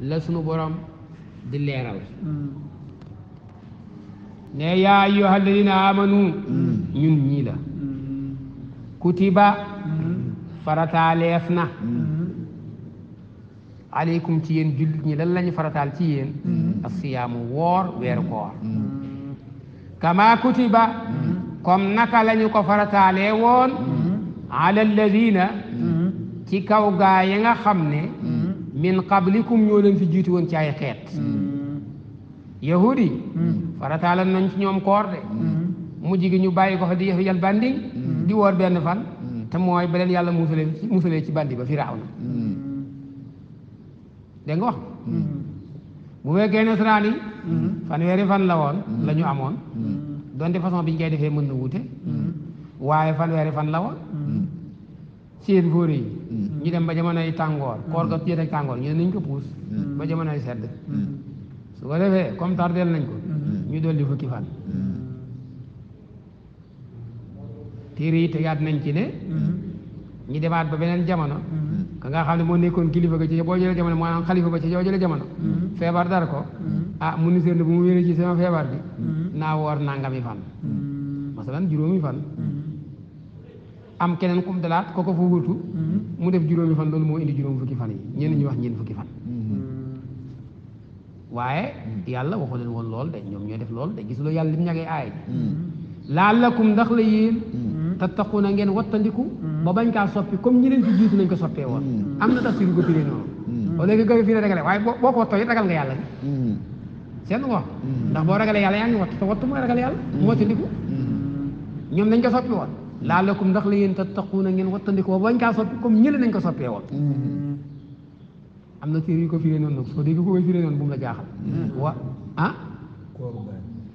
la sunu borom di leeral mm-hmm. ne yaa ayyuha alladina amanu mm-hmm. ñun ñii la mm-hmm. kutiba farataaleef na aleykum ci jullit ñi lan lañu farataal ci yéen asiyaamu woor weeru koor kama kutiba comme naka lañu ko farataalee woon ala alladina ci kaw gaa yi nga xam ne min qablikum ñoo leen fi jiitu woon ci ay xeet mm. yahudi yi mm. farataalan nañ ci ñoom koor de mm. mujj gi ñu bàyyi ko fa di yal bandi di woor benn fan te mooy ba yàlla musalee musalee ci bandi ba Firawna dégg nga wax bu fekkee nasaraan yi fanweeri fan la woon lañu ñu amoon donte façon bi ñu koy defee mën na wuute waaye fanweeri fan la woon seen fóore yi mm. ñu dem ba jamonoy tàngoor mm. koor ga tiet ak tàngoor ñu ne nañ puus mm. ba jamonoy sedd su ko defee comme tardeel nañ ko ñu dolli fukki fan tiir yi tegaat nañ ci ne ñu demaat ba beneen jamono ka nga xam ne moo nekkoon kilifa ga ci boo jëlee jamono maanaam xalifa ba ci boo jëlee jamono feebar dara ko ah mu ni seen bu mu wéree ci sama feebar bi naa woor nangami fan masalan juróomi fan am keneen kum dalaat kooku fa wuutu mm-hmm. mu def juróomi fan loolu moo indi juróom fukki fan yi ñenn ñu wax ñeent fukki fan mm-hmm. waaye mm-hmm. yàlla waxu leen woon lool de ñoom ñooy def lool de gis loolu yàlla lim ñagee aay ji ndax la yéen tattaquna ngeen wattandiku ba bañ kaa soppi comme ñi leen ci jiitu nañ ko soppee woon am na tafsir ko firee noonu au lieu que ragal nga yàlla seen nga ndax boo ragalee yàlla yaa ngi wattu te wattu mooy ragal yàlla mu wattandiku ñoom nañ ko soppi woon laalakum ndax la yéen na ngeen wattandikoo bañ kaa soppi comme ñële nañ ko soppee woon mm-hmm. am na téere yu ko firee noonu nag soo dégg ko koy firee noonu bu mu la jaaxal mm-hmm. wa ah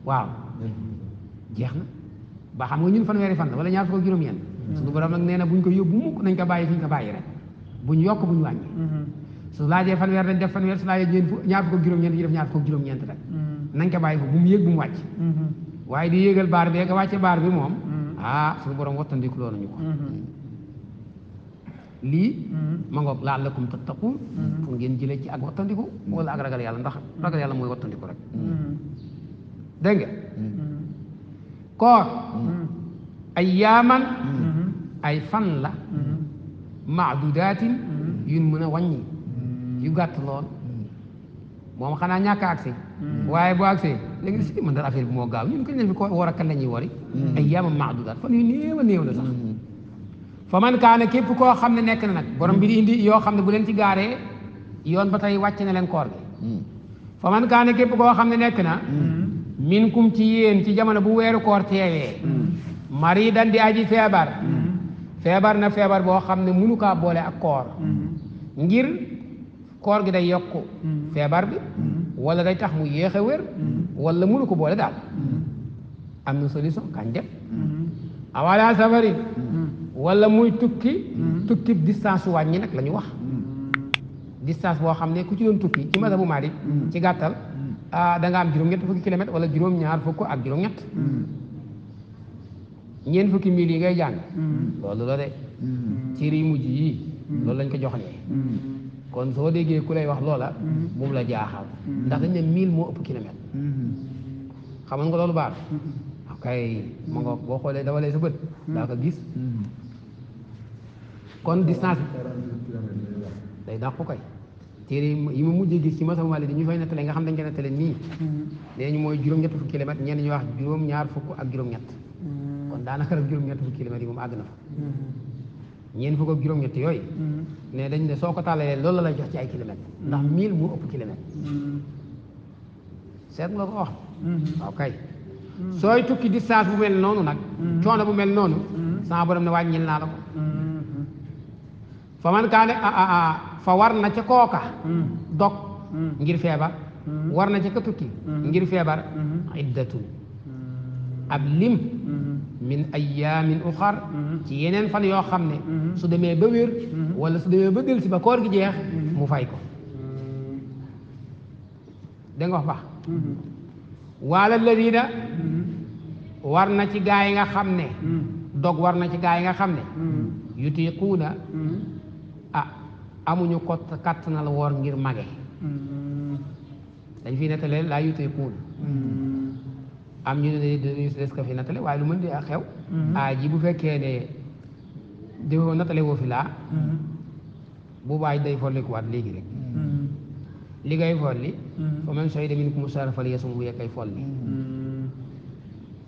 waaw mm-hmm. jeex na ba xam nga ñun fanweeri fan la wala ñaar fukk juróom-ñeent suñu borom nag nee na buñ ko yóbbu nañ ko bàyyi fi ko bàyyi rek buñ yokk buñ wàññi su laajee fanweer dañ def fanweer su laajee ñeen fu ñaar fukk juróom-ñeent ñu def ñaar fukk juróom-ñeent rek nañ ko bàyyi ko bu mu yéeg bu mu wàcc waaye di yéegal baar bi ak wàcce baar bi moom ah suñu borom wattandiku loolu ñu ko lii ma ngoog la'allakum tattaqun pour ngeen jëlee ci ak wattandiku wala ak ragal yàlla ndax ragal yàlla mooy wattandiku rek dégg koor ay ay fan la maadudaatin yun mën a wàññi yu gàtt lool moom xanaa ñàkk agsi Mm. waaye bu àggsee léegi ne si man dara affaire bi moo gaaw ñun kañ lañ fi ko war a kan la ñuy wari mm. ay yaama maadudaat fan yu néew a néew la sax mm. fa man kaana képp koo xam ne nekk na nag borom bi di indi yoo xam ne bu leen ci gaare yoon ba tey wàcc na leen koor gi fa man kaana képp koo xam ne nekk min minkum ci yéen ci jamono bu weeru koor teewee mari dan di aji feebar feebar na feebar boo xam ne munu kaa boole ak koor ngir koor gi day yokku feebar bi wala day tax mu yéex a wér mm-hmm. wala mënu ko boole daal mm-hmm. am na solution kañ dem mm-hmm. awala safari wala muy tukki tukki distance wàññi nag la ñu wax distance boo xam ne ku ci doon tukki ci masa bu Maalik ci gàttal ah da am juróom-ñett fukki kilomètre wala juróom-ñaar fukk ak juróom-ñett ñeent fukki mil yi ngay jàng loolu la ci ri mujj yi loolu lañ ko joxalee kon soo déggee ku lay wax loola mm-hmm. moom la jaaxal mm-hmm. ndax dañ ne miil moo ëpp kilomètre mm-hmm. xaman nga loolu baax kay ma nga boo xoolee dawalee sa bët daa ko gis kon distance day dàqu kay téere yi ma mujjee gis ci ma sama wàll di ñu fay nettale nga xam dañ ko nettale nii nee ñu mooy juróom-ñett fukki kilomètre ñenn ñu wax juróom-ñaar fukk ak juróom-ñett kon daanaka rek juróom-ñett fukki kilomètre yi moom àgg na fa ñeent fukk ak juróom-ñett yooyu. Mm-hmm. ne dañ ne soo ko tàllalee lool la la jox ci ay kilomètres. Mm-hmm. ndax 1000 mu ëpp kilomètres. Mm-hmm. seet nga ko wax. waaw sooy tukki distance bu mel noonu nag. coono bu mel noonu. sama borom ne wàññil naa la ko. fa man kaa ne ah, ah, ah, fa war na ca kooka. dog ngir feebar. war na ca ka tukki. ngir feebar. iddatu ab lim mm-hmm. min ayaamin uxar mm-hmm. ci yeneen fan yoo xam ne mm-hmm. su demee ba wér wala su demee ba delsi ba koor gi jeex mu fay ko da nga wax baax waala ladina war na ci gaa yi nga xam ne dog war na ci gaa yi nga xam ne yutiquuna ah amuñu ko kattanal woor ngir mage dañ fi nettalee laa yutiquuna am ñu ne dañuy des ko fi nattale waaye lu mën di ak xew mm-hmm. aaj ah, bu fekkee ne defoo nattale fi laa mm-hmm. bu baay day follikuwaat léegi rek mm-hmm. li ngay folli fa man shahida minkum shahra falyasumhu yekkay folli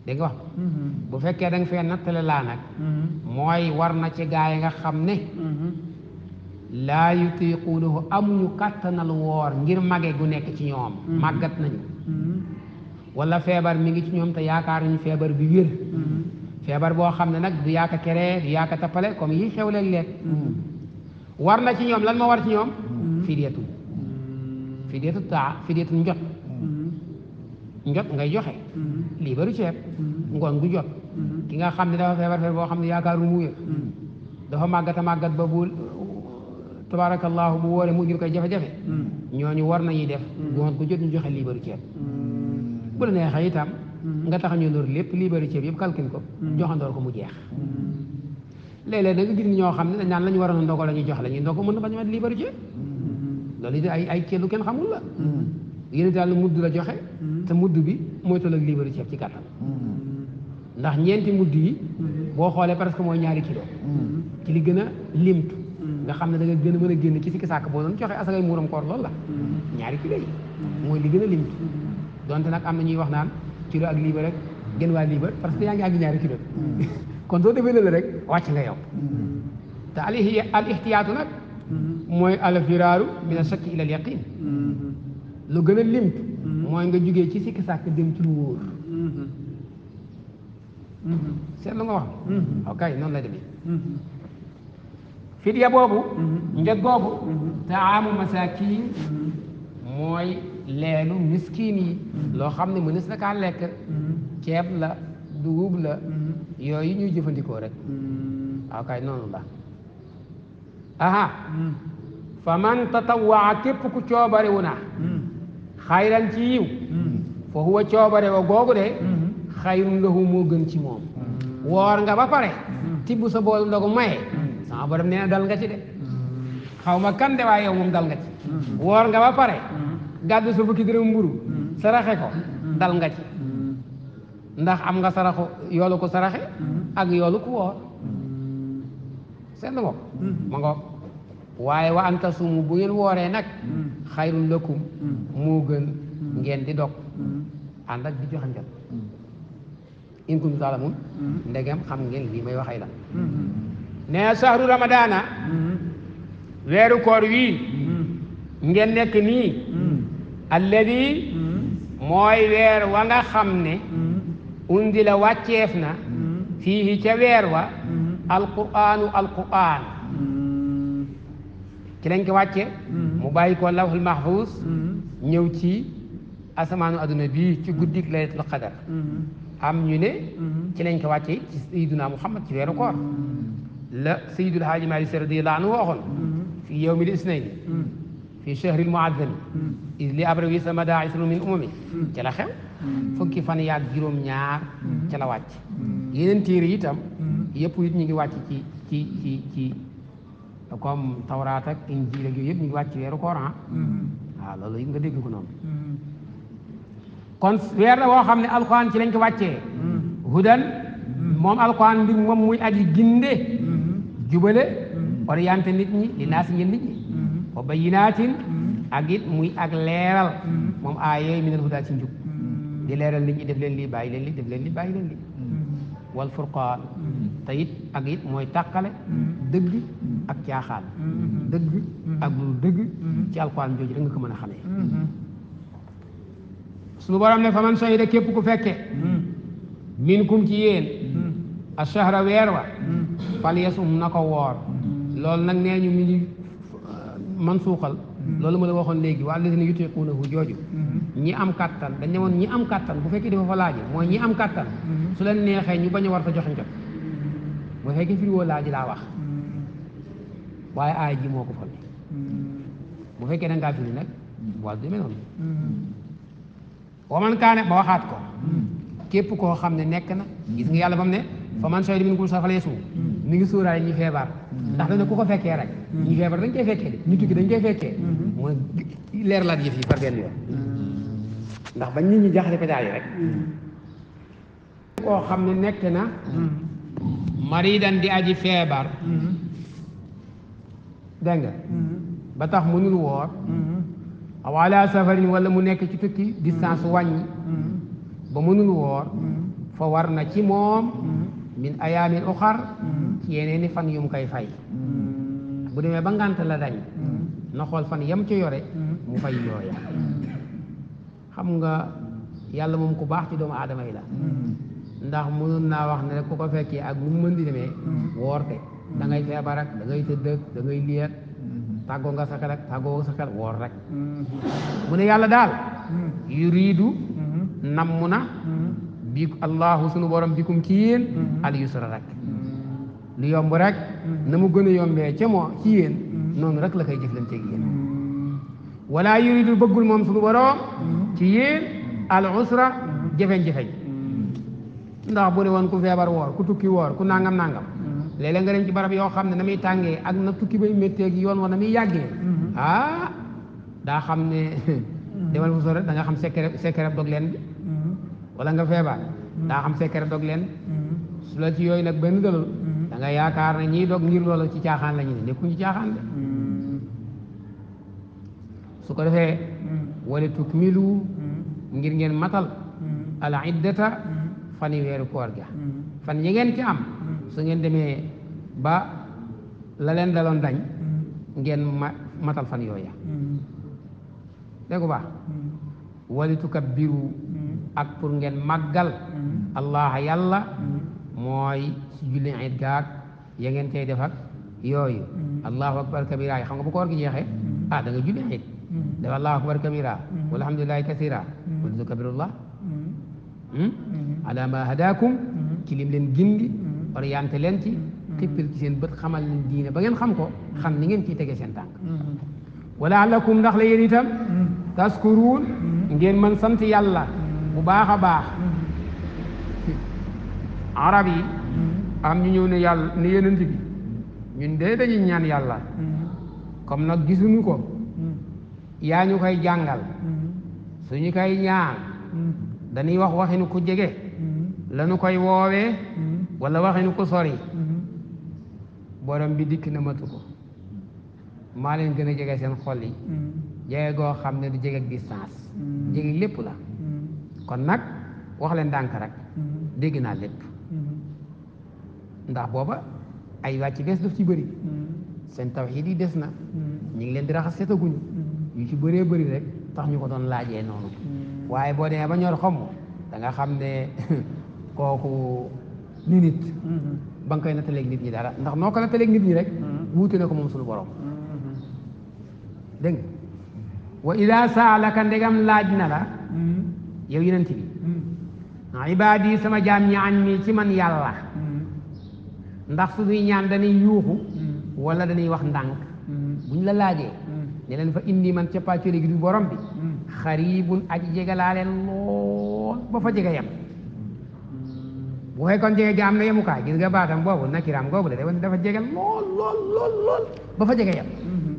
dégg nga wax bu fekkee da nga fee nattale laa nag mooy war na ci gaa yi nga xam ne laa yutiquunahu amuñu kàttanal woor ngir mage gu nekk ci ñoom màggat nañu wala feebar mi ngi ci ñoom te yaakaaruñu feebar bi wér mm-hmm. feebar boo xam ne nag du yaaka kere du yaaka tappale comme yi xew léeg-léeg mm-hmm. war na ci ñoom lan ma war ci ñoom fideetu mm-hmm. fideetu taa fideetu njot njot ngay joxe lii baru ceeb ngoon gu jot ki nga xam ne dafa feebar boo xam ne yaakaaru mu dafa màggat a màggat ba bu tabarakallahu bu wóore mu jur koy jafe-jafe ñooñu war nañuy def ngoon gu ñu joxe lii ceeb bu la neexee itam nga tax ñu ndóor lépp liibaru ceeb yëpp calcule ko joxandoor ko mu jeex léeg-léeg da gis ñoo xam ne dañ naan la ñu waroon a ndogo la ñuy jox la ñuy ndogo mën na bañ a mat lii bari ceeb loolu it ay ay ceeb kenn xamul la yéen daal la joxe te mudd bi mooy toll ceeb ci gàttal ndax ñeenti mudd yi boo xoolee presque mooy ñaari kilo ci li gën a limtu nga xam ne da nga gën a mën a génn ci sikki sàkk boo doon joxe asakay muuram koor loolu la ñaari kilo yi mooy li gën a limtu donte nag am na ñuy wax naan kilo ak liibar rek gën waa liibar parce que yaa ngi àgg ñaari kilo mm. kon soo defee la rek wàcc nga yow mm. te al al ihtiyaatu nag mm-hmm. mooy al min a shakki ila al yaqin mm-hmm. lu gën a lim mm-hmm. mooy nga jugee ci sikki sàkk dem ci lu wóor seet lu nga wax ok noonu la demee fidya boobu njëg boobu taamu masaakin mooy leelu miskin yi loo xam ne mënees na kaa lekk ceeb la dugub la yooyu ñuy jëfandikoo rek waaw kay noonu la aha fa man tatawaa képp ku coobarewu na xayran ci yiw fa huwa coobare wa googu de xayrun lahu moo gën ci moom woor nga ba pare tibb sa boolu ndogu maye sama borom nee na dal nga ci de xaw ma kan de waaye yow dal nga ci woor nga ba pare gàddu sa fukki dërëm mburu mm. saraxe ko mm. dal nga ci mm. ndax am nga saraxu yoolu ko saraxe ak yoolu ku woor seen bopp ma ngoog waaye wa an tasumu bu ngeen wooree nag xayrun lakum moo gën ngeen di dog ànd ak di joxe njal in kuntum taalamun ndegem xam ngeen lii may waxay la ne sahru ramadaana weeru koor wii ngeen nekk nii alladi mooy weer wa nga xam ne undi la wàcceef na fii ca weer wa alqur'aanu alqur'aan ci lañ ko wàcce mu bàyyi ko lawhul mahfuz ñëw ci asamaanu adduna bii ci guddik laylatul qadar am ñu ne ci lañ ko wàcce ci sayyiduna muhammad ci weeru koor la sayyidul haaji maalik si radiyallahu anhu waxoon fi fii chahril muazzami li abra wi sama daa isru min umami ci la fukki fan yaag juróom ñaar ci la wàcc yeneen téere itam yëpp it ñu ngi wàcc ci ci ci ci comme tawraat ak injiil ak yooyu yëpp ñu ngi wàcc weeru koor loolu yi nga dégg ko noonu kon weer la woo xam ne alquran ci lañ ko wàccee hudan moom alquran mbir moom muy aji ginde jubale orienté nit ñi li naa si nit ñi wa bayinaatin ak it muy ak leeral moom aaya yooyu minal hudaa ci njub di leeral nit def leen li bàyyi leen lii def leen lii bàyyi leen lii wal furqaan te it ak it mooy tàqale dëgg ak caaxaan dëgg ak lu dëgg ci alquran jooju rek nga ko mën a xamee suñu borom ne faman shahida képp ku fekke minkum ci yéen ashahra weer wa fal yasum na ko woor loolu nag nee ñu mi ngi man suuxal mm-hmm. loolu ma la waxoon léegi waa lasina yutiquunahu jooju mm-hmm. ñi am kàttan dañ ne woon ñi am kàttan bu fekkee dafa fa laaju mooy ñi am kàttan mm-hmm. su leen neexee ñu bañu a war ta joxe njot bu fekkee firiwoo laaji laa wax waaye aay ji moo ko fal fekkee da ngaa firi nag wàllu demee noonu wa man kaane ba waxaat ko képp koo xam ne nekk na gis nga yàlla bam ne fa man shahida minkum safaleesu mi ngi suuraale ñi feebar ndax dana ku ko fekkee rek mm-hmm. ñu feebar dañ koy fekkee de ñu tukki dañ koy fekkee mm-hmm. mooy leer laat yëf yi par benn yoon mm-hmm. ndax bañ nit ñi jaxale pédale rek koo xam ne nekk na maridan di aji feebar dégg nga ba tax mënul woor aw ala safarin wala mu nekk ci tukki distance wàññi ba mënul woor fa war na ci moom min ayaamin uxar yeneeni fan yu mu koy fay hmm. bu demee ba ngànt la hmm. na xool fan yam ci yore hmm. mu fay yooya xam nga yàlla moom ku baax ci doomu aadama yi la ndax mënoon naa wax ne rek ku ko fekkee ak nu mu mën di demee woorte da ngay feebar ak dangay ngay tëdd ak da nga sakat ak tàggoo nga sakat woor rek mu ne yàlla daal yuriidu namm na bi allahu sunu borom bikum ci yéen al yusra rek lu yomb rek mm. na mu gën a yombee ca moo ci yéen mm. noonu rek la koy jëflanteeg yéen mm. wala yuridu bëggul moom suñu borom ci yéen al usra jafeñ-jafeñ ndax bu ne woon ku feebar woor ku tukki woor ku nàngam nangam léeg-léeg nga dem ci barab yoo xam ne na muy tàngee ak na tukki bay méttee gi yoon wa na muy yàggee ah daa xam ne demal fu sore da nga xam secret secret dog leen bi wala nga feebar daa xam secret dog leen su la ci yooyu nag benn dalul nga yaakaar na ñii dog ngir loola ci caaxaan la ñu ne nekkuñ ci caaxaan de mm. su ko defee mm. wala tukmilu mm. ngir ngeen matal ala iddata fan yi weeru koor ga fan yi ngeen ci am su ngeen demee ba la leen daloon dañ ngeen matal fan yooya dégg nga baax wali ak pour ngeen màggal allah yàlla mooy si julli it gaag ya ngeen tey def ak yooyu mm-hmm. allahu akbar kabira yi xam nga bu koor gi jeexee mm-hmm. ah da nga julli it mm-hmm. dafa allahu akbar kabira walhamdulilahi kasira walzu kabirullah hmm? ala ma hadakum ci lim leen gindi orienté leen ci xippil ci seen bët xamal leen diine ba ngeen xam ko xam ni ngeen ciy tege seen tànk wala alakum ndax la taskuruun ngeen mën sant yàlla bu baax a baax arab yi mm-hmm. am ñu ñëw ne yàll ne yeneen bi ñun de dañuy ñaan yàlla mm-hmm. comme nag gisuñu ko mm-hmm. yaa ñu koy jàngal ñu koy ñaan dañuy wax waxinu ku jege lañu koy woowee walla waxinu ku sori borom bi dikk na matu ko maa leen gën a jege seen xol yi jege goo xam ne du jege ak distance jege lépp la kon nag wax leen ndànk rek dégg naa lépp ndax booba ay wàcc bees daf ci bëri mm-hmm. seen tawxiid yi des na mm-hmm. ñu ngi leen di raxas seetaguñu mm-hmm. yu ci bëree bëri rek tax ñu ko doon laajee noonu waaye boo demee ba ñor xom danga nga xam ne kooku ni nit ba nga koy nattaleeg nit ñi dara ndax noo ko nattaleeg nit ñi rek wuute na ko moom suñu borom dégg nga wa ida saalaka ndegam laaj na la yow yeneen bi ibaadi sama jaam ñi an man yàlla ndax suñuy ñaan dañuy yuuxu mm. wala dañuy wax ndànk mm. buñ la laajee mm. ne fa indi man ca pàccori gi du borom bi xaribun aji jege laa leen lool ba fa jege yem bu am na yemukaay gis nga baatam boobu nakiraam googu de de dafa jege lool lool lool lool ba fa mm-hmm.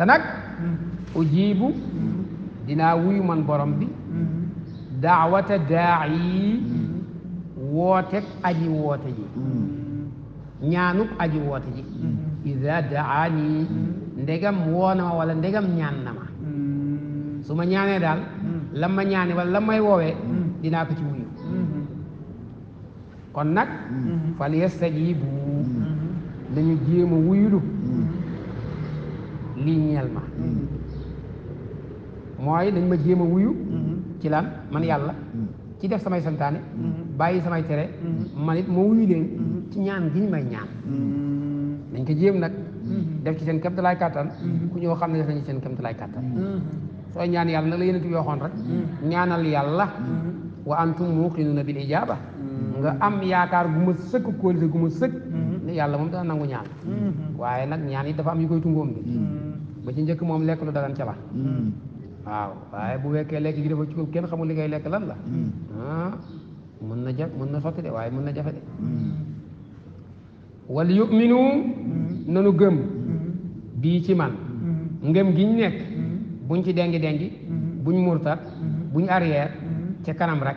mm-hmm. ujibu mm-hmm. dinaa wuyu man borom bi daawata daa yi woote aji woote ji ñaanub aji woote ji mm-hmm. ida daani mm-hmm. ndegam woo na ma wala ndegam ñaan na ma mm-hmm. su ma ñaanee daal la ma ñaane wala la may woowee dinaa ko ci wuyu kon nag fal yastajibu dañu jéem a wuyulu lii ñeel ma mooy dañ ma jéem a wuyu ci lan man yàlla ci def samay santaane bàyyi samay tere man ma wuyu leen ci ñaan gi ñu may ñaan mm-hmm. dañ ko jéem nag mm-hmm. def ci seen kéemtalaay kàttan mm-hmm. ku ñëw xam ne def seen ci seen kéemtalaay kàttan sooy ñaan yàlla nag la yéen a tudd rek ñaanal yàlla wa antum muqinuna bil ijaba am yaakaar gu ma sëkk kóolite gu ma yàlla moom dana nangu ñaan waaye nag ñaan yi dafa am yu koy tungoom bi ba ci njëkk moom lekk lu dagan ca la waaw waaye bu wekkee lekk gi dafa cuub kenn xamul li ngay lekk lan la ah, mën na jafe mën na sotti de waaye mën na jafe de wal yuminu mm-hmm. nanu gëm mm-hmm. bii ci man mm-hmm. ngëm gi ñu nekk buñ ci dengi dengi buñ murtat buñ arrière ca kanam rek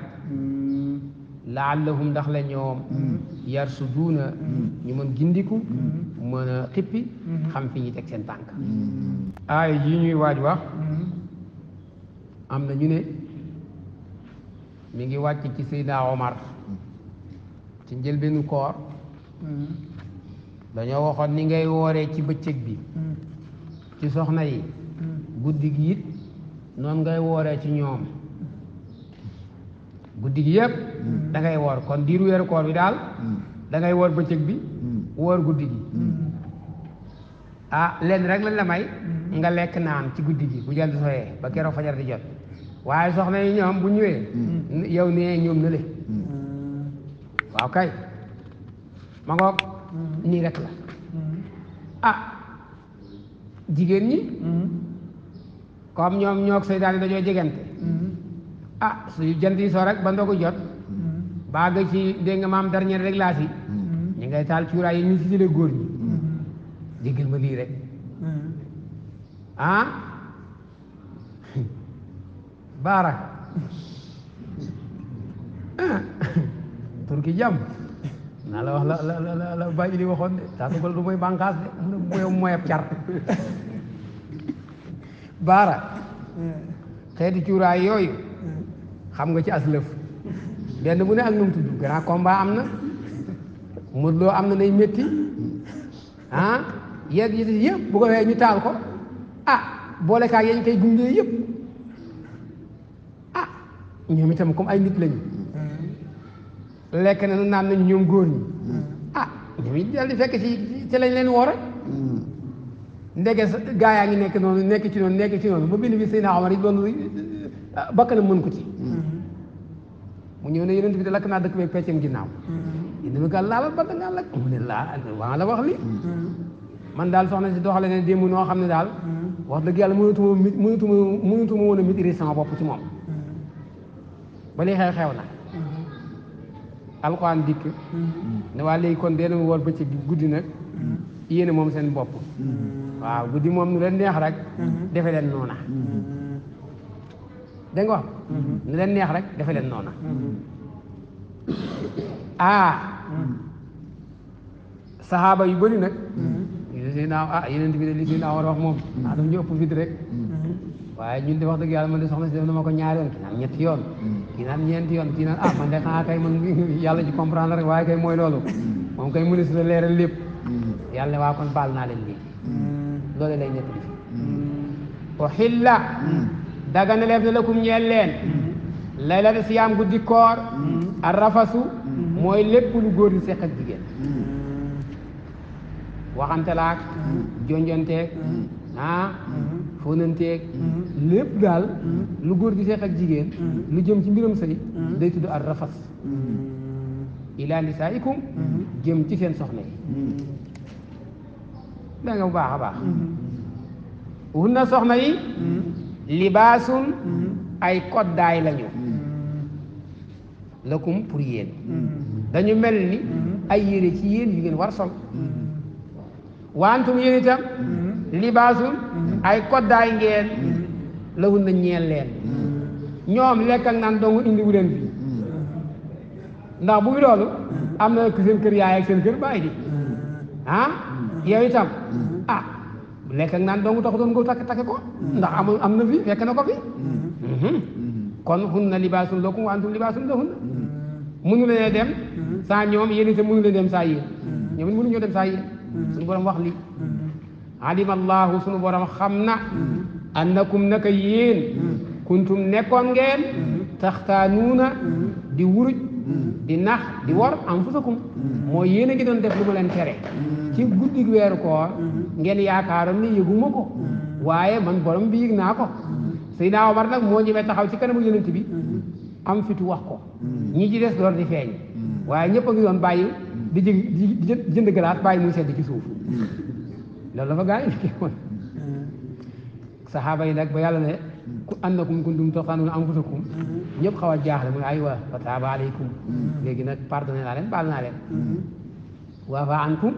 laallahum ndax la ñoom yar su duuna ñu mën gindiku mën a xippi xam fi ñuy teg seen tànk aay yi ñuy waaj wax am na ñu ne mu ngi wàcc ci Seydina Omar ci njëlbeenu koor dañoo waxoon ni ngay wooree ci bëccëg bi ci soxna yi guddi gi it noonu ngay wooree ci ñoom guddi gi yépp dangay ngay woor kon diiru weeru koor bi daal dangay ngay woor bëccëg bi woor guddi gi ah lenn rek lañ la may nga lekk naan ci guddi gi bu jant sooyee ba keroog fajar di jot waaye soxna yi ñoom bu ñëwee yow nee ñoom na le waaw kay ma ngoog nii rek la ah, jigéen ñi comme ñoom ñoo ak seytaane dañoo jegante ah su jant yi soo rek ba ndogu jot baa nga ci dégg nga maam dernière rek laa si ñu ngay taal cuuraay yi ñu si jëlee góor ñi déggal ma lii rek ah baara ah. turki jàmm naa la wax la la la la bàyyi li waxoon de taa dugal du mooy bànqaas de mu ne bu yow mooy ab car baara yooyu xam nga ci aslëf benn bu ne ak nu mu tudd am na Modou Lo am na nay métti ah yeeg yi yëpp bu ko waxee ñu taal ko ah boolekaag yañ koy gunge yëpp ah ñoom itam comme ay nit lañu lekk na naan nañ ñoom góor ñi hmm. ah ñooñu dal di fekk ci ci lañ leen woor hmm. ndege gaa yaa ngi nekk noonu nekk ci noonu nekk ci noonu ba bind bi Seydina Omar yi doon ah, bakkanam mën ko ci hmm. mu ñëw ne yonent bi de lakk naa dëkk beeg peccam ginnaaw yéen bi gal laala bant ngaa lakk mu ne laa waa la wax li man daal soxna si doxale ne démb noo xam ne daal wax dëgg yàlla mënatuma mënatuma mënatuma woon a maîtriser sama bopp ci moom ba xew xew na alxuraan dikk mm-hmm. ne waa léegi kon dee leen woor bëccëg guddi nag mm-hmm. yéene moom seen bopp mm-hmm. waaw guddi moom nu leen neex rek defe leen noona da wax leen neex rek defe leen noona ah saxaaba yu bëri nag li naaw ah yeneen bi de li war wax moom ah dafa ñu ëpp fit waaye ñun de wax dëgg yàlla man de soxna si def na ma ko ñaari yoon ki ñetti yoon kii naan ñeenti yoon kii naan ah man de xanaa kay man yàlla ji comprendre rek waaye kay mooy loolu mm. moom kay ministre leeral lépp mm. yàlla waa kon baal naa leen lii mm. loolu lay nekk di uhilla daganaleef na lakum ñeel leen laylata siyaam guddi koor ar rafasu mooy lépp lu góor di ak jigéen waxante laak jonjonteeg ah fóonanteeg mm-hmm. lépp daal mm-hmm. lu góor gi seex ak jigéen mm-hmm. lu jëm ci mbiram sëy day tudd ar rafas ilaa nisaaikum jëm ci seen soxna yi da nga bu baax a baax na soxna yi libaasun ay koddaay lañu lakum pour yéen dañu mel ni ay yére ci yéen yu ngeen war sol waantum yéen itam libaasun ay koddaay ngeen lawun na ñeel leen ñoom lekk ak naan dong indi wu leen fii ndax bu bi am na seen kër yaay ak seen kër baay di ah yow itam ah lekk ak naan dong taxutoon nga takk takk ko ndax amul am na fi fekk na ko fi mhm. kon hunna libaasun lakum wa antum libaasun lahunna mënu leen dem saa ñoom yéen itam mënu leen dem saa yéen ñoom mënu ñoo dem saa yéen suñu borom wax lii alimallahu sunu borom xam na annakum naka yéen kuntum nekkoon ngeen taxtaanuuna di wuruj di nax di war anfusakum mooy yéen a ngi doon def lu ma leen tere ci guddi weeru koor ngeen yaakaaroon ni yëguma ko waaye man borom bi yëg naa ko Seydina Omar nag moo ñëwee taxaw ci kanamu yonent bi am futu wax ko ñi ci des door di feeñ waaye ñëpp ngi doon bàyyi di jë di jënd glace bàyyi muy sedd ci suuf loolu la fa gaa yi nekkee woon saxaaba yi nag ba yàlla ne ku annakum kuntum taqtuluuna anfusakum mm-hmm. ñëpp xaw a jaaxle mu ne aywa fa taaba aleykum mm-hmm. léegi nag pardonné naa leen baal naa leen mm-hmm. waafaa ankum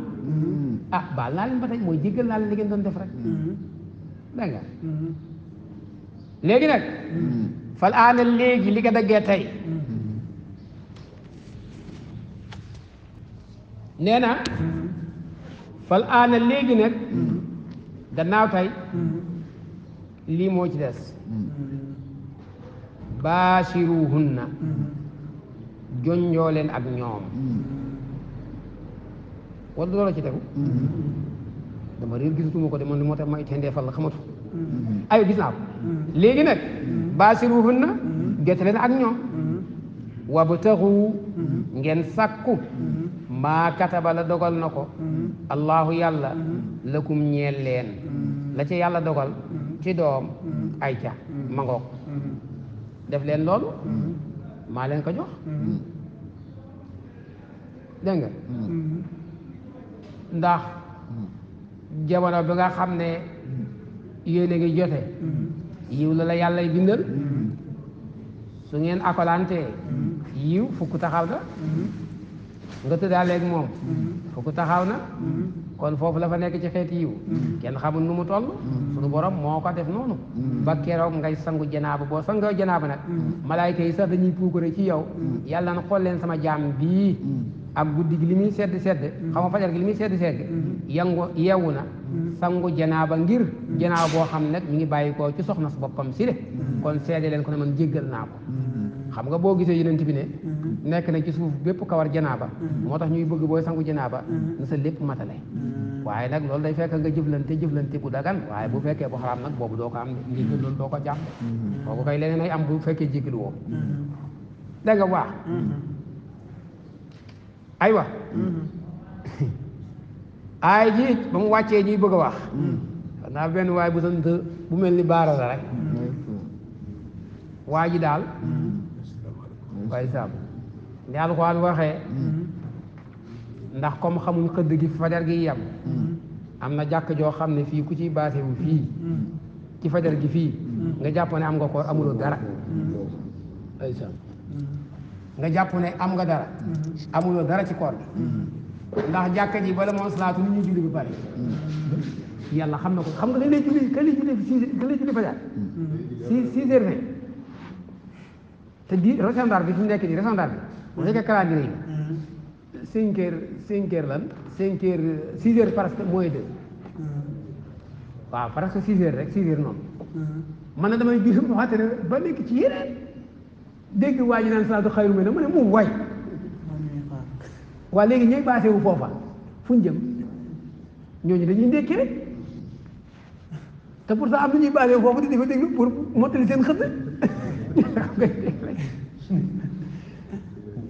ah baal naa leen ba tey mooy jéggal naa leen li ngeen doon def rek dégg nga léegi nag fal aana léegi li nga daggee tey nee na fa aana léegi nag gannaaw tey lii moo ci des baashiruhunna jonjoo leen ak ñoom wala loola ci tegu dama réer gisatuma ko de man lu moo tax may tendee fal la xamatu ay gis naa ko léegi nag baashiruhunna gerte leen ak ñoom wabtaxu ngeen sàkku maa kataba dogal na ko mm-hmm. allahu yàlla mm-hmm. lakum ñeel leen mm-hmm. la ca yàlla dogal ci doom ay ca ma def leen loolu maa leen ko jox dégg nga ndax jamono bi nga xam ne yéen a ngi jote yiw la la yàlla bindal su ngeen akolantee yiw fukk taxaw na nga tëddaaleeg moom mm-hmm. kooku taxaw na mm-hmm. kon foofu la fa nekk ci xeeti yiw mm-hmm. kenn xamul nu mu toll suñu borom moo ko def noonu ba keroog ngay sangu janaaba boo sangoo janaaba nag malaayka yi sax dañuy puukare ci yow yàlla na xool leen sama jaam bii ak guddi gi li muy sedd sedd xam nga fajar gi li muy sedd sedd yangu yeewu na sangu janaaba ngir janaaba boo xam nag mi ngi bàyyi koo ci soxna su boppam si de kon seede leen ko ne man jéggal naa ko xam nga nekk na ci suuf bépp kawar ba mm-hmm. moo tax ñuy bëgg booy sangu janaaba mm-hmm. na sa lépp matale mm-hmm. waaye nag loolu day fekk nga jëflante jëflante bu dagan waaye bu fekkee bu xaraam nag boobu doo ko am njéggal loolu doo ko jàpp kooku kay leneen ay am bu fekkee jéggal woo dégg nga waax aywa aay ji ba wàccee ñuy bëgg a wax xanaa benn waay bu sant bu mel ni baara la rek waa ji daal waaye saabu li alxuraan waxee ndax comme xamuñ xëdd gi fajar gi yem am na jàkk joo xam ne fii ku ciy baasewu fii ci fajar gi fii nga jàpp ne am nga koor amuloo dara nga jàpp ne am nga dara amuloo dara ci koor ndax jàkk ji bala moom salaatu ni ñuy julli bi bari yàlla xam na ko xam nga dañ lay julli ka lay julli ka lay julli fajar mm. six six heures te di resendar bi fi nekk nii resendar bi bu fekkee calendrier cinq heures cinq lan cinq heures six heures mooy deux mm-hmm. waaw presque six heures rek six heures noonu mm-hmm. man na damay gis ma xamante ne ba ci dégg waa ji naan salaatu xayru mina mu ne moom waay waa léegi ñooy baasee wu foofa fu ñu jëm ñooñu dañuy ndékki rek te pourtant am na ñuy baasee wu foofa di dafa déglu pour seen xëdd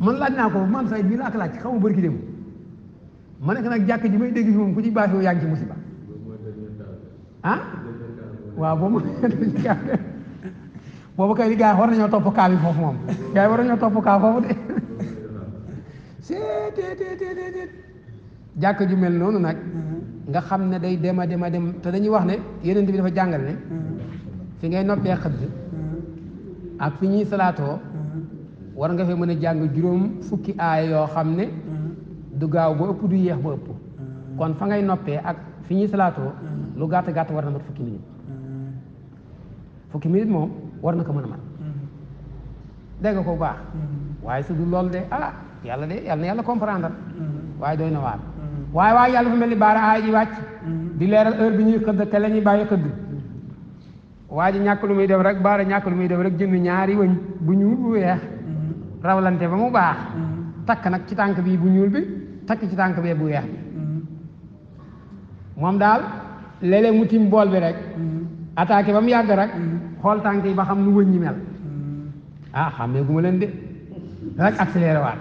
man laaj naa ko maam Saïd mii laa ko laaj xaw ma bëri ki dem ma nekk nag jàkk ji may dégg fi moom ku ci baaxee yaa ngi ci musiba ah waaw boobu boobu war nañoo topp kaa foofu moom gars yi war nañoo topp kaa foofu de seet seet jàkk ju mel noonu nag mm-hmm. nga xam ne day dem a dem dem te dañuy wax ne yeneen bi dafa jàngale ne mm-hmm. fi ngay noppee xëdd mm-hmm. ak fi ñuy salaatoo war nga fee mën a jàng juróom fukki aay yoo xam ne du gaaw ba ëpp du yeex ba ëpp kon fa ngay noppee ak fi ñuy salaatoo lu gàtt gàtt war na mat fukki minute fukki minute moom war na ko mën a man dégg nga ko bu baax waaye su dul loolu de ah yàlla de yàlla na yàlla comprendre waaye dooy na waar waaye waaye yàlla fu mel ni baara aay ji wàcc di leeral heure bi ñuy xëdd te la ñuy bàyyi xëdd waa ji ñàkk lu muy def rek baara ñàkk lu muy def rek jënd ñaari wëñ bu ñuul weex rawlante ba mu baax mm-hmm. takk nag ci tànk bii bu ñuul bi takk ci tànk bee bu weex bi mm-hmm. moom daal léeg mu tim bool bi rek mm-hmm. attaqué ba mu yàgg rek xool tànk yi ba xam nu wëñ ñi mel ah xam gu ma leen de rek accéléré waat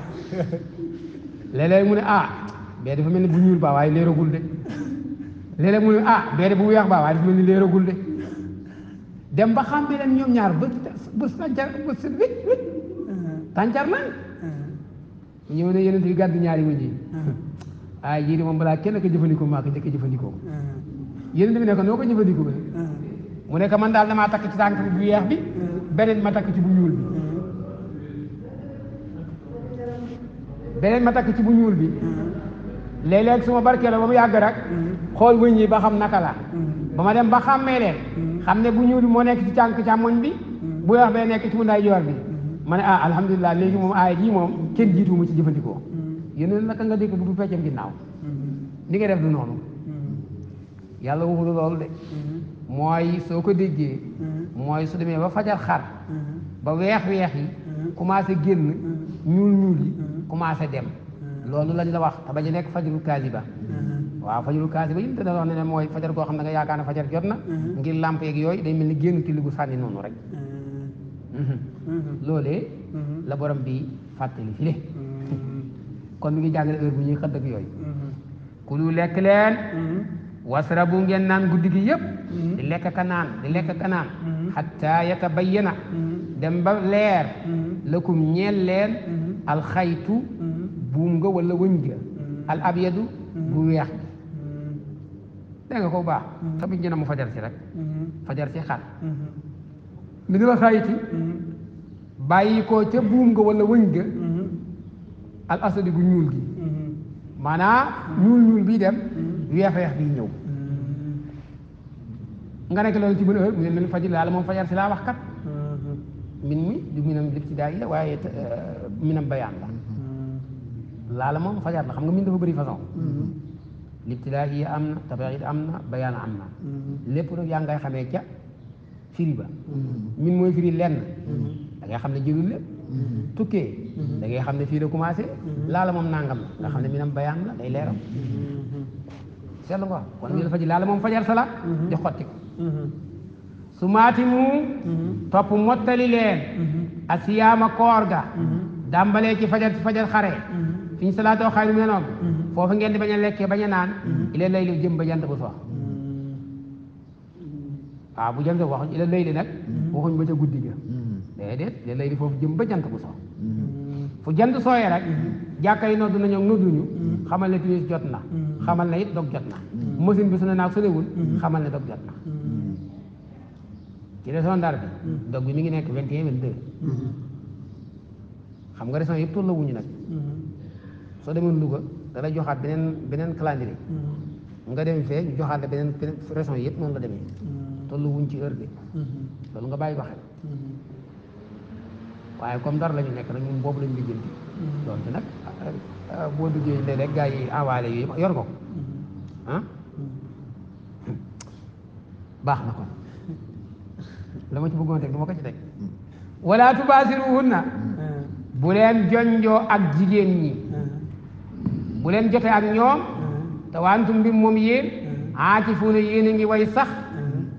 léeg mu ne ah bee dafa mel ni bu ñuul baa waaye léeragul de léeg mu ne ah bee bu weex baa waaye dafa mel ni léeragul de dem ba xam ne leen ñoom ñaar ba ba sànca ba së wécc wécc tàncar naan hmm. ñëw ne yeneen bi gàddu ñaari wuñ ji hmm. ah yii de moom balaa kenn ko jëfandikoo maa ko njëkk jëfandikoo hmm. yeneen bi nekk ko noo ko jëfandikoo mu nekk man daal damaa takk ci tànk bu weex bi beneen ma takk ci bu ñuul bi beneen ma takk ci bu ñuul bi léeg-léeg su ma barkeeloo ba mu yàgg rek xool wëñ yi ba xam naka la ba ma dem ba xàmmee leen xam ne bu ñuul bi moo nekk ci tànk càmmoñ bi bu weex bee nekk ci bu ndeyjoor bi ma ne ah alhamdulilah léegi moom aaya jii moom kenn jiitu mu ci jëfandikoo mm-hmm. yeneen naka nga dégg bu du feccam ginnaaw mm-hmm. ni nga def du noonu mm-hmm. yàlla waxul loolu de mooy soo ko déggee mooy su demee ba fajar xar ba weex-weex yi commencé génn ñuul ñuul yi commencé dem loolu lañ la wax te bañ a nekk fajaru kaasiba waaw fajaru kaasiba yim dana wax ne ne mooy fajar goo xam ne nga yaakaar ne fajar jot na ngir làmp yeeg yooyu day mel ni génn ci ligu sànni noonu rek Mm-hmm. Mm-hmm. loolee mm-hmm. la borom bi fàttali fi le mi ngi jàngale heure bu ñuy xëdd ak yooyu kulu lekk leen wasrabu ngeen naan guddi gi yëpp di lekk ka naan di lekk ka naan xatta yatabayyana dem ba leer lakum ñeel leen alxaytu buum nga wala wëñ al abyadu bu weex gi ko baax xam nga mu fajar rek fajar si mi nal xayiti mm-hmm. bàyyi ko ca buum nga wala wëñ ga mm-hmm. al asadi gu ñuul gi mm-hmm. maanaa ñuul ñuul bii dem weex weex bii ñëw nga nekk loolu ci bën heure mu moom fajar si laa wax kat min mi du minam lif ci daay la waaye euh, minam bayaan la laala moom fajar la xam nga min dafa bëri façon libtilaa yi am na tabaxit am na bayaan am na lépp nag yaa ngay xamee ca firi mm-hmm. min mooy firi lenn mm-hmm. da ngay xam ne jëlul lépp mm-hmm. tukkee da ngay xam ne fii la commencé laala moom nangam la nga xam ne minam bayaan la day leeram seetlu nga kon ñu dafa ji laala moom fajar sala di xotti ko su maati mu topp mottali leen asiyaama koor ga dàmbalee ci fajar ci fajar xare fi ñu salaatoo xayru menoog foofu ngeen di bañ a lekkee bañ a naan ilee lay lu jëm ba jant bu sox waaw ah, bu jant waxuñ ila layli nag mm-hmm. waxuñ ba ca guddi ga mm-hmm. déedéet ila layli foofu jëm ba jant bu so mm-hmm. fu jant sooyee rek jàkka yi noddu nañu nodduñu xamal ne timis jot na xamal ne it dog jot na machine bi su ne naag ne dog jot na ci leçon ndar bi dog bi mi ngi nekk vingt et un xam nga leçon yëpp toll la wuñu nag soo demoon Louga dala joxaat beneen beneen calendrier nga dem fee ñu joxaat beneen leçon yëpp noonu la demee tollu wuñ ci heure bi mm-hmm. loolu nga bàyyi mm-hmm. comme dara la nekk rek ñun lañ lijjanti mm-hmm. euh, boo duggee léeg-léeg gaa yi awaale yooyu ko ah baax na kon la ma ci bëggoon teg du ma ko ci teg wala tubaasiruhunna bu leen jonjoo ak jigéen ñi bu leen jote ak ñoom te wantum bi moom yéen aakifuuna ngi way sax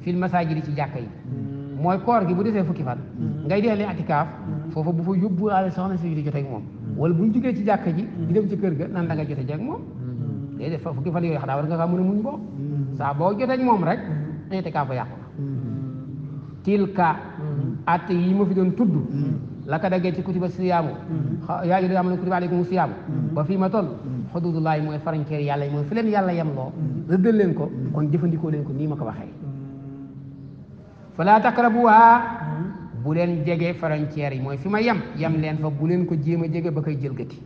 fil masaajidi ci jàkka yi mooy koor gi bu desee fukki fan ngay dee leen atikaaf foofu bu fa yóbbu àll soxna si di jotee moom wala bu ñu ci jàkk ji di dem ci kër ga nan da nga jotee ak moom day def fukki fan yooyu xanaa war nga kaa mën a muñ boo saa jotee moom rek itikaaf ba yàqu na tilka at yi ma fi doon tudd la ka daggee ci kutiba siyaamu yaa ngi am na kutiba aleykum siyaamu ba fii ma toll xududullaahi mooy farañkeer yàlla yi mooy fi leen yàlla yem loo rëddal leen ko kon jëfandikoo leen ko nii ma ko waxee fala taqrabuha bu leen jege frontière yi mooy fi ma yem yem leen fa bu leen ko jéem a jege ba koy jëlgati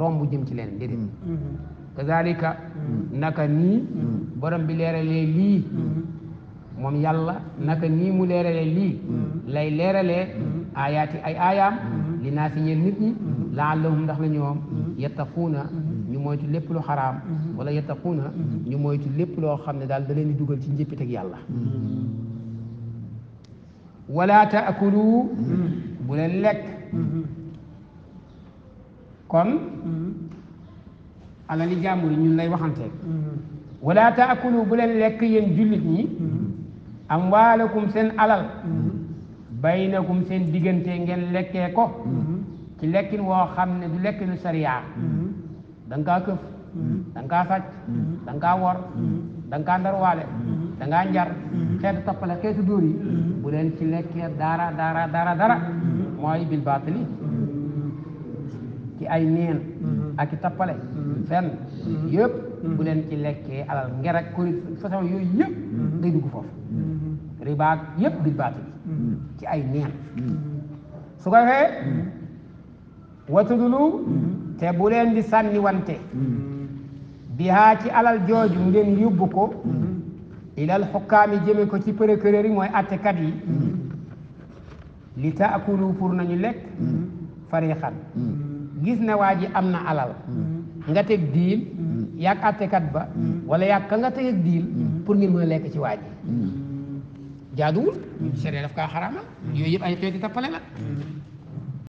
romb jëm ci leen déedéet kazalika naka nii borom bi leeralee lii moom yàlla naka nii mu leeralee lii lay leerale aayaati ay aayaam li naa si ñeel nit ñi laallahum ndax la ñoom yattaquuna ñu moytu lépp loo xaraam wala yattaquuna ñu moytu lépp loo xam ne daal da leen di dugal ci njëppiteg yàlla wala taakulu bu leen lekk kon alali jàmbur yi ñun lay waxantee wala taakulu bu leen lekk yéen jullit ñi amwaalakum seen alal kum seen diggante ngeen lekkee ko ci lekkin woo xam ne du lekkinu sariyaa da nga kaa këf da nga kaa sàcc da kaa wor da ndarwaale da ngaa njar mhm. xeetu tappale xeetu dóor yi mhm. bu ci lekkee dara dara dara dara mhm. mooy bil baatili ci ay neen ak i tappale fenn yëpp leen ci lekkee alal nger ak kori façon yooyu yëpp day dugg foofu ribaag yëpp bil baatili ci ay neen su ko defee te bu leen di sànni wante bihaa ci alal jooju ngeen yóbbu ko ilal xukkaam yi jëme ko ci procureur yi mooy attekat yi li taakulu pour nañu lekk fariixan gis ne waa ji am na alal nga teg diil yaag attekat ba wala yaag ka nga teg ak diil pour ngir mën lekk ci waa ji jaaduwul sariya daf kaa xaraamal yooyu yëpp ay xeeti tappale la